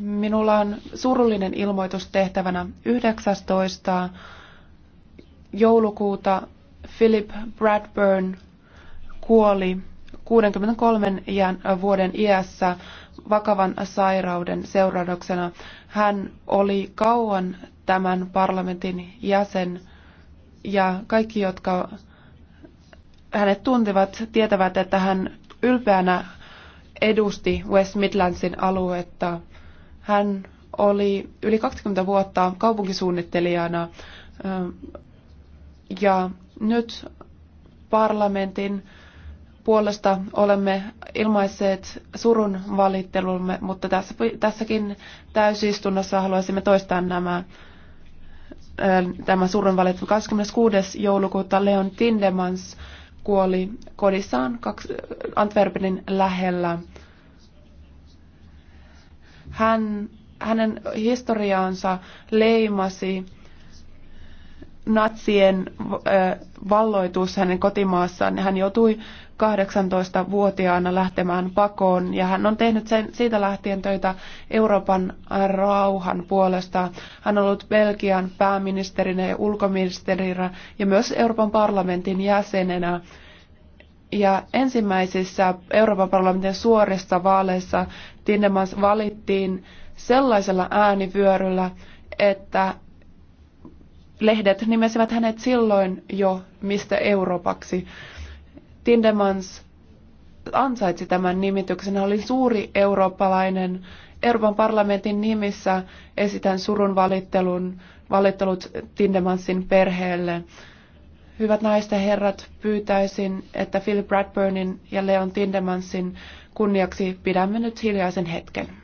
Minulla on surullinen ilmoitus tehtävänä 19. joulukuuta Philip Bradburn kuoli 63 vuoden iässä vakavan sairauden seurauksena. Hän oli kauan tämän parlamentin jäsen ja kaikki, jotka hänet tuntivat, tietävät, että hän ylpeänä edusti West Midlandsin aluetta. Hän oli yli 20 vuotta kaupunkisuunnittelijana ja nyt parlamentin puolesta olemme ilmaisseet surun valittelumme, mutta tässä, tässäkin täysistunnossa haluaisimme toistaa nämä tämä surun valittelu. 26. joulukuuta Leon Tindemans kuoli kodissaan Antwerpenin lähellä. Hän, hänen historiaansa leimasi natsien valloitus hänen kotimaassaan. Hän joutui 18-vuotiaana lähtemään pakoon ja hän on tehnyt sen, siitä lähtien töitä Euroopan rauhan puolesta. Hän on ollut Belgian pääministerinä ja ulkoministerinä ja myös Euroopan parlamentin jäsenenä. Ja ensimmäisissä Euroopan parlamentin suorissa vaaleissa Tindemans valittiin sellaisella äänivyöryllä, että lehdet nimesivät hänet silloin jo mistä Euroopaksi. Tindemans ansaitsi tämän nimityksen. Hän oli suuri eurooppalainen. Euroopan parlamentin nimissä esitän surun valittelun, valittelut Tindemansin perheelle. Hyvät naiset ja herrat, pyytäisin, että Philip Bradburnin ja Leon Tindemansin kunniaksi pidämme nyt hiljaisen hetken.